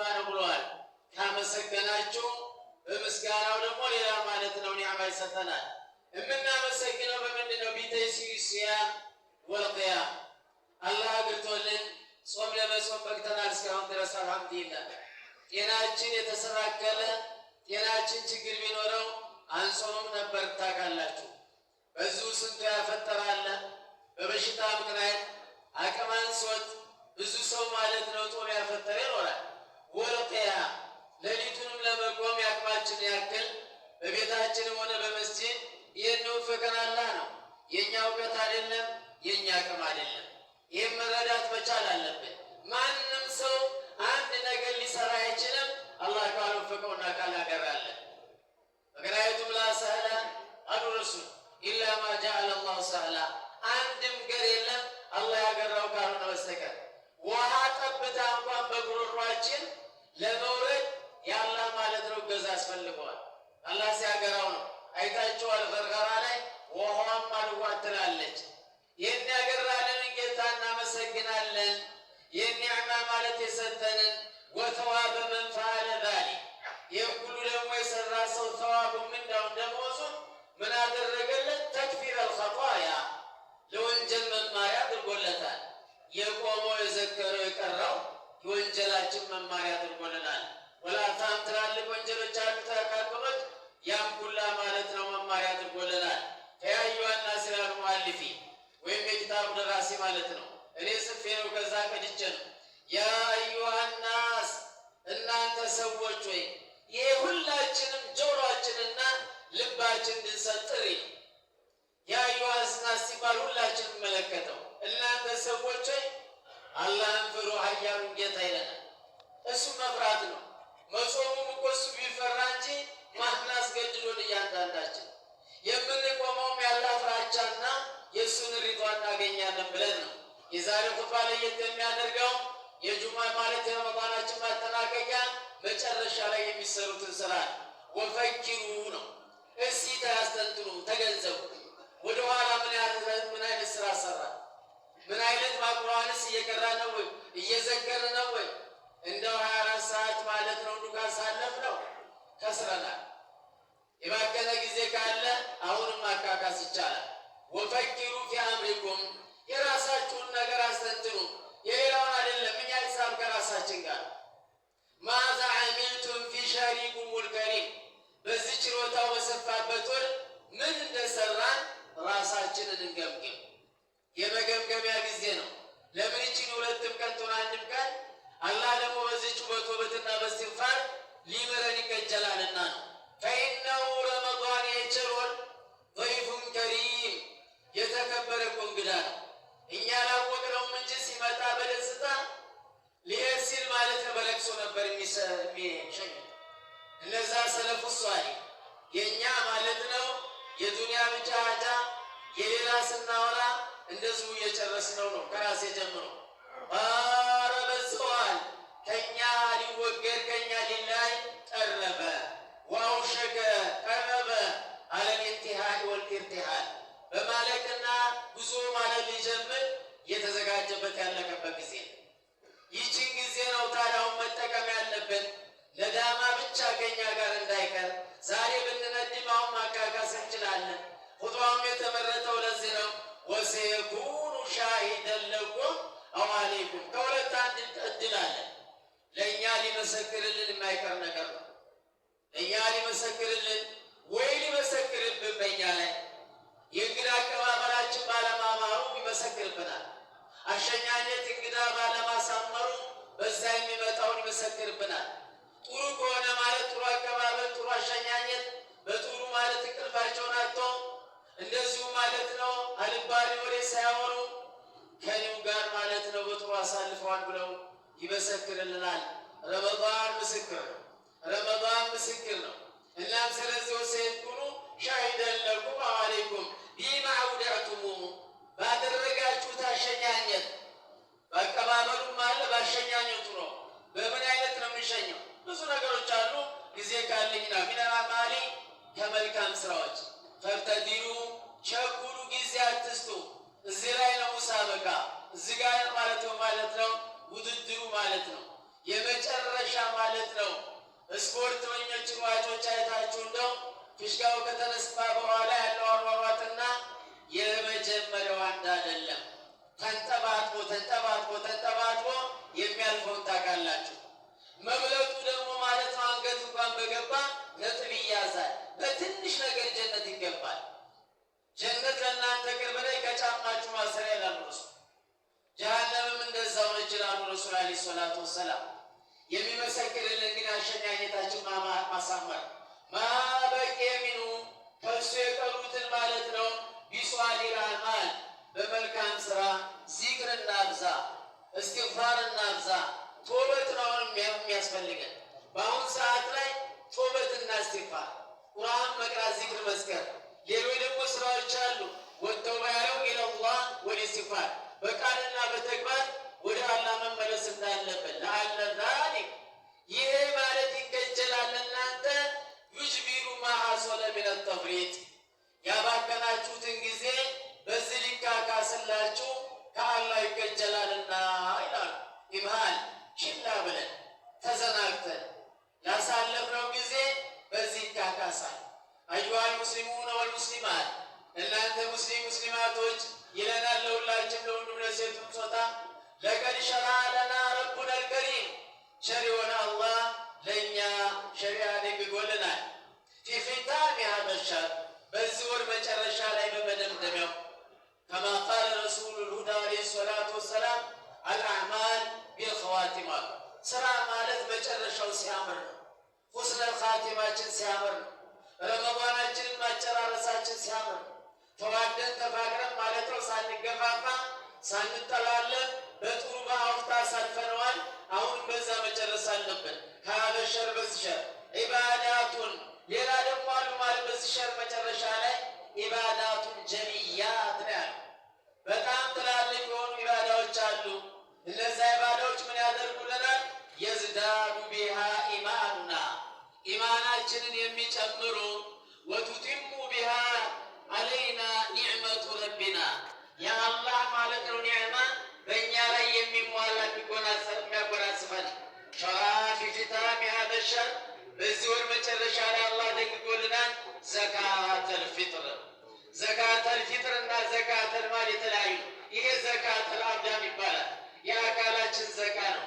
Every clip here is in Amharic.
የሚገባ ነው ብለዋል። ካመሰገናችሁ በምስጋናው ደግሞ ሌላ ማለት ነው ኒዕማ ይሰጠናል። የምናመሰግነው በምንድን ነው? ቢተይሲር ወልቅያ አላህ አግርቶልን ጾም ለመጾም በቅተናል። እስካሁን ድረስ አልሐምዱሊላህ ጤናችን የተሰራከለ ጤናችን ችግር ቢኖረው አንጾምም ነበር። ታውቃላችሁ በዚሁ ስንቱ ያፈጠራለ በበሽታ ምክንያት በቤታችንም ሆነ በመስጂድ ይህን ፈቀን አላህ ነው። የእኛ እውቀት አይደለም፣ የእኛ አቅም አይደለም። ይህም መረዳት መቻል አለብን። ማንም ሰው አንድ ነገር ሊሰራ አይችልም። አላህ ያገራለን ካላደራለን ላ ሰህላ አሉ ረሱል ኢላ ማ ጃአለ ላሁ ሰህላ አንድም ገር የለም አላህ ያገራው ካልሆነ በስተቀር ውሃ ጠብታ እንኳን በጉሮሯችን ለመውረድ የአላህ ማለት ነው እገዛ ያስፈልገዋል። አላ ሲያገራው ነው። አይታችኋል። በርበራ ላይ ውሃም አልዋ ትላለች። ይህን ያገራልን ጌታ እናመሰግናለን። ይህን ኒዕማ ማለት የሰጠንን ወተዋበ መን ፈዐለ ዛሊክ ይህ ሁሉ ደግሞ የሰራ ሰው ተዋቡ ምንዳውን ደመወዙ ምን አደረገለት? ተክፊረ አልኸጣያ ለወንጀል መማሪያ አድርጎለታል። የቆመው የዘከረው የቀረው የወንጀላችን መማሪያ አድርጎልናል። ወላታም ትላልቅ ወንጀሎች አሉ ተካከሎች ያም ሁላ ማለት ነው መማሪያ አድርጎልናል። ከያዩዋና ሲራል ሙአሊፊ ወይም የኪታቡ ደራሲ ማለት ነው። እኔ ጽፌ ነው ከዛ ቀድቼ ነው ያ አዩሃናስ ለየት የሚያደርገው የጁማ ማለት የረመዳናችን ማጠናቀቂያ መጨረሻ ላይ የሚሰሩትን ስራ ወፈኪሩ ነው። እስቲ ተያስተንትኑ፣ ተገንዘቡ። ወደኋላ ምን አይነት ስራ ሰራ? ምን አይነት ማቁራንስ እየቀራ ነው ወይ እየዘከር ነው ወይ? እንደው ሀያ አራት ሰዓት ማለት ነው ዱካ ሳለፍ ነው ከስረናል። የባከነ ጊዜ ካለ አሁንም ማካካስ ይቻላል። ሸኝ እነዛ ሰለፉ ሷሊ የእኛ ማለት ነው። የዱንያ ብቻ አጃ የሌላ ስናወራ እንደዚሁ እየጨረስነው ነው። ከራሴ ጀምሮ ባረበዝዋል ከኛ ሊወገድ ከኛ ሊመሰክርልን የማይቀር ነገር ነው። እኛ ሊመሰክርልን ወይ ሊመሰክርብን በእኛ ላይ የእንግዳ አቀባበላችን ባለማማሩ ይመሰክርብናል። አሸኛኘት እንግዳ ባለማሳመሩ በዛ የሚመጣውን ይመሰክርብናል። ጥሩ ከሆነ ማለት ጥሩ አቀባበል፣ ጥሩ አሸኛኘት በጥሩ ማለት እንቅልፋቸውን አጥቶ እንደዚሁ ማለት ነው። አልባሌ ወሬ ሳያወሩ ከኔው ጋር ማለት ነው በጥሩ አሳልፈዋል ብለው ይመሰክርልናል። ረመዳን ምስክር ነው። ረመዳን ምስክር ነው። እናም ስለዚህ ወሰይድ ኩኑ ሻሂደን ለኩም አለይኩም ቢማ አውዳዕቱሙ ባደረጋችሁት አሸኛኘት በአቀባበሉም አለ በአሸኛኘቱ ነው። በምን አይነት ነው የምንሸኘው? ብዙ ነገሮች አሉ። ጊዜ ካለኝና ሚነማማሊ ከመልካም ስራዎች ጀነት ከእናንተ እግር በላይ ከጫማችሁ ማሰሪያ ይላሉ ረሱል። ጀሃነምም እንደዛው ነች ይላሉ ረሱል አለ ሰላቱ ወሰላም። የሚመሰክርልን ግን አሸኛኘታችን ማሳመር ማበቅ የሚኑ ከእሱ የቀሩትን ማለት ነው። ቢሷል ይራማል በመልካም ስራ ዚክር እናብዛ፣ እስትግፋር እናብዛ። ቶበት ነው የሚያስፈልገን በአሁኑ ሰዓት ላይ ቶበትና እስትግፋር፣ ቁርአን መቅራት፣ ዚክር ሌሎች ደግሞ ስራዎች አሉ። ወጥተው ባያለው ኢለላህ ወደ ሲፋር በቃልና በተግባር ወደ አላህ መመለስ እንዳለበት ለአለ ዛሊክ ይሄ ማለት ይገጀላል። እናንተ ዩጅቢሩ ማሐሶለ ሚነ ተፍሪጥ ያባከናችሁትን ጊዜ በዚህ ሊካካስላችሁ ይገጀላልና ይላሉ። ችላ ብለን ተዘናግተን ያሳለፍነው ጊዜ በዚህ ይካካሳል። አዩሃል ሙስሊሙን ወልሙስሊማት እናንተ ሙስሊም ሙስሊማቶች ይለናል ለሁላችን ለሁሉም ለሴቱም ጾታ ለቀድ ሸራ ለና ረቡና ልከሪም ሸር የሆነ አላህ ለእኛ ሸሪያ ደግጎልናል ፊ ኺታሚ ሃዛ በዚህ ወር መጨረ സാന്നിധ്യ ሸራ ፊጅታ ሚያበሻ በዚህ ወር መጨረሻ ላይ አላህ ደግጎልናል። ዘካተል ፊጥር ዘካተል ፊጥር እና ዘካተል ማል የተለያዩ ይሄ ዘካተል አብዳም ይባላል። የአካላችን ዘካ ነው።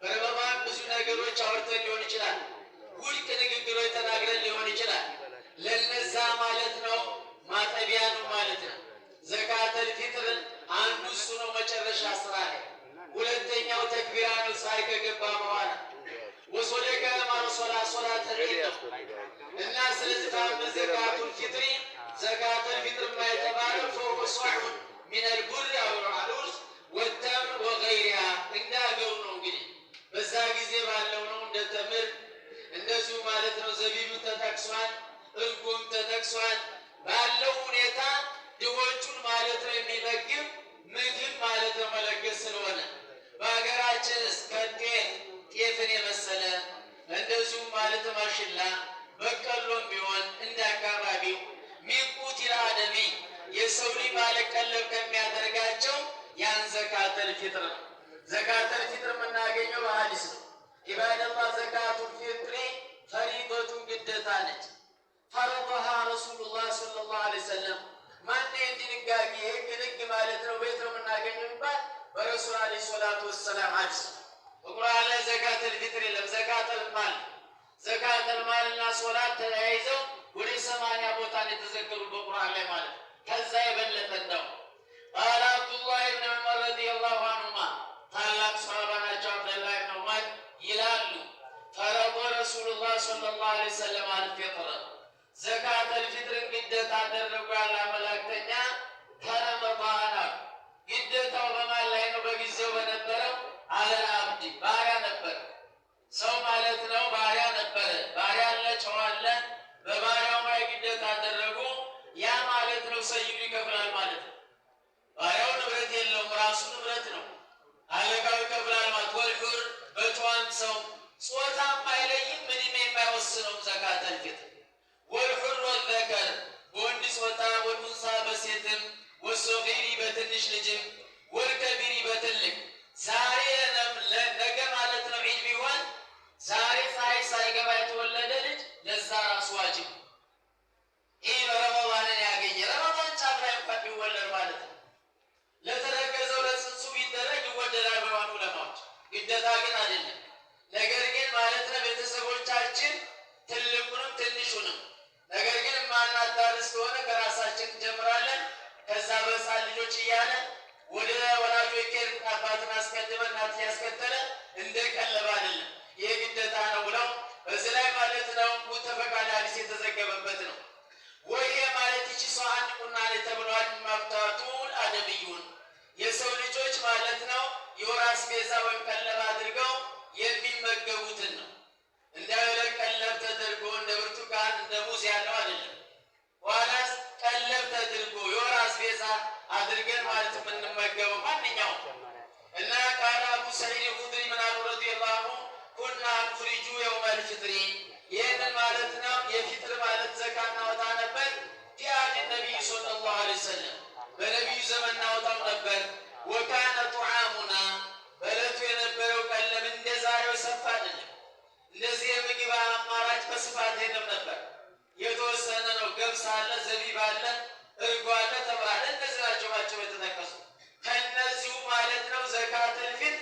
በረመዳን ብዙ ነገሮች አውርተን ሊሆን ይችላል። ውድቅ ንግግሮች ተናግረን ሊሆን ይችላል። ለነዛ ማለት ነው ማጠቢያ ነው ማለት ነው። ዘካተል ፊጥርን አንዱ እሱ ነው መጨረሻ ስራ ላይ ሁለተኛው ተክቢራ ነው ፀሐይ ከገባ በኋላ እና ስለዚህ ዘካቱል ፊጥሪ ዘካተል ፊጥር በዛ ጊዜ ባለው ነው እንደ ማለት ነው። ዘቢብ ተጠቅሷል፣ እርጎም ተጠቅሷል። ባለው ሁኔታ ድሆቹን ማለት የሚመግብ ምግብ ማለት ነው መለገስ ስለሆነ በሀገራችንስ ከጤ ጤፍን የመሰለ እንደዚሁም ማለት ማሽላ በቀሎ ቢሆን እንደ አካባቢው ሚቁት ይላአደሚ የሰው ልጅ ባለቀለብ ከሚያደርጋቸው ያን ዘካተል ፊጥር ነው። ዘካተል ፊጥር የምናገኘው በሀዲስ ነው። ኢባደላ ዘካቱ ፊጥሪ ፈሪበቱ ግደታ ነች። ፈረضሃ ረሱሉላህ ሰለላሁ ዐለይሂ ወሰለም ማነ የድንጋጌ ህግ ህግ ማለት ነው። በየት ነው የምናገኘው? ይባል በረሱል ዐለይሂ ሰላቱ ወሰላም ሀዲስ ነው። በቁርአን ላይ ዘካተል ፊትር የለም። ዘካተል ማል ዘካተል ማል እና ሶላት ተያይዘው ወደ ሰማንያ ቦታ የተዘገሩ በቁርአን ላይ ማለት ከዛ የበለጠ ነው። ቃለ አብዱላህ ብን ዑመር ረዲየላሁ አንሁማ ታላቅ ሰሃባ ናቸው። አብደላህ ብን ዑመር ይላሉ ፈረጎ ረሱሉላህ ሰለላሁ ዐለይሂ ወሰለም አልፊጥር ዘካተል ፊትርን ግዴታ አደረጉ ያለ መላእክተኛ ከረመዳን ግዴታው በማን ላይ ነው? በጊዜው በነበረው አለ አብዲ ባሪያ ነበር። ሰው ማለት ነው ባሪያ ነበረ። ባሪያ አለ፣ ጨዋ አለ። በባሪያው ላይ ግደት አደረጉ። ያ ማለት ነው ሰይዱ ይከፍላል ማለት ነው። ባሪያው ንብረት የለውም፣ ራሱ ንብረት ነው። አለቃው ይከፍላል ማለት ወልሁር በጨዋን ሰው ጾታም አይለይም፣ ምንም የማይወስነው ዘካተል ፊጥር ወልሁር ወዘከር በወንድ ጾታ ወልኡንሳ በሴትም ወሶፊሪ በትንሽ ልጅም ወልከቢሪ በትልቅ ዛሬ ነገ ማለት ነው ዒድ ቢሆን ዛሬ ፀሐይ ሳይገባ የተወለደ ልጅ ለዛ ራሱ ዋጅብ አስቤዛ ወይም ቀለብ አድርገው የሚመገቡትን ነው። እንደ ቀለብ ተደርጎ እንደ ብርቱካን እንደ ሙዝ ያለው አይደለም። ኋላስ ቀለብ ተደርጎ የወር አስቤዛ አድርገን ማለት የምንመገበው ማንኛውም እና ቃል አቡ ሰዒድ ኹድሪ ምናሉ ረዲየላሁ ኩና ንፍሪጁ የውመል ፊጥሪ ይህንን ማለት ነው የፊጥር ማለት ዘካ እናወጣ ነበር። ዲአድ ነቢይ ሰለላሁ ዐለይሂ ወሰለም በነቢዩ ዘመን እናወጣው ነበር። ወካነ ጡዓሙና እንደዚህ የምግብ አማራጭ በስፋት የለም ነበር። የተወሰነ ነው። ገብስ አለ፣ ዘቢብ አለ፣ እርጎ አለ ተባለ። እነዚህ ናቸው ባቸው የተጠቀሱ ከእነዚሁ ማለት ነው ዘካተል ፊጥር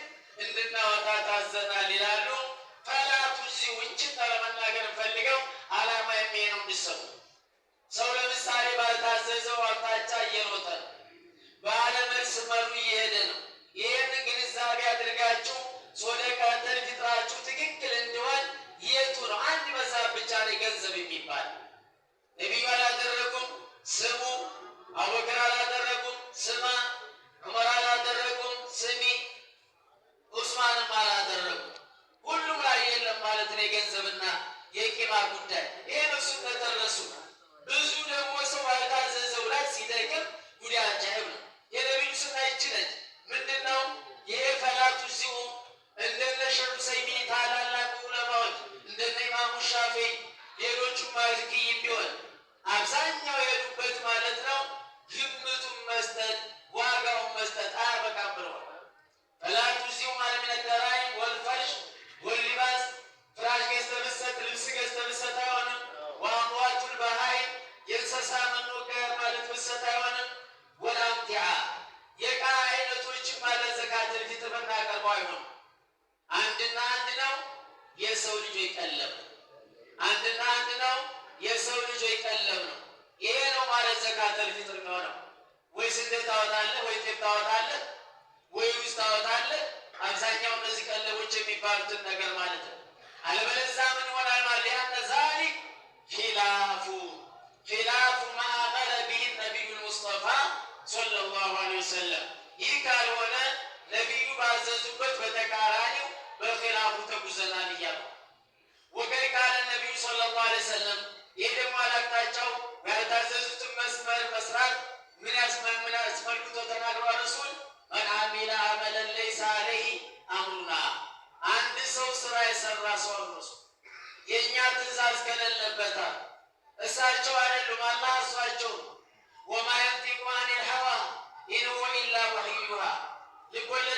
விட்டார் ለዘካተል ፊጥር የሚሆነው ወይ ስንዴ ታወጣለህ፣ ወይ ጤፍ ታወጣለህ፣ ወይ ሩዝ ታወጣለህ። አብዛኛው እነዚህ ቀለቦች የሚባሉትን ነገር ማለት ነው። አለበለዛ ምን ይሆናል ማለት ያነ ዛሊክ ኪላፉ ኪላፉ ማዕቀለ ቢህ ነቢዩ ሙስጠፋ ሰለላሁ ዐለይሂ ወሰለም። ይህ ካልሆነ ነቢዩ ባዘዙበት በተቃራኒው በመኖራቸው ያልታዘዙትን መስመር መስራት ምን ያስመምን አስመልክቶ ተናግሯል። እሱን መናሚና አመለለይ ሳሌሂ አሙና አንድ ሰው ስራ የሰራ ሰው ነው። የእኛ ትእዛዝ ከለለበታል። እሳቸው አይደሉም፣ አላህ እሷቸው ወማ የንጢቁ አኒል ሀዋ ኢን ሁወ ኢላ ወሕዩሃ ዩሓ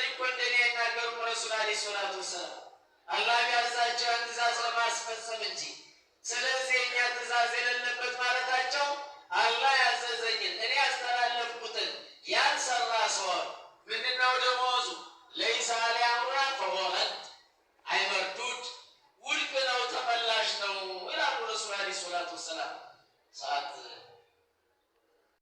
ልቦለድ እንደኔ አይናገሩም። ረሱል አለ ሰላቱ ወሰላም አላህ ቢያዛቸው ያን ትእዛዝ ለማስፈጸም እንጂ ስለዚህ የእኛ ትእዛዝ የሌለበት ማለታቸው አላህ ያዘዘኝን እኔ ያስተላለፍኩትን ያልሰራ ሰሆን ምንድነው ደመወዙ? ለይሳ ሊያምራ ፈወረድ አይመርዱድ ውድቅ ነው፣ ተመላሽ ነው ይላሉ ረሱል አለይሂ ሰላቱ ወሰላም ሰዓት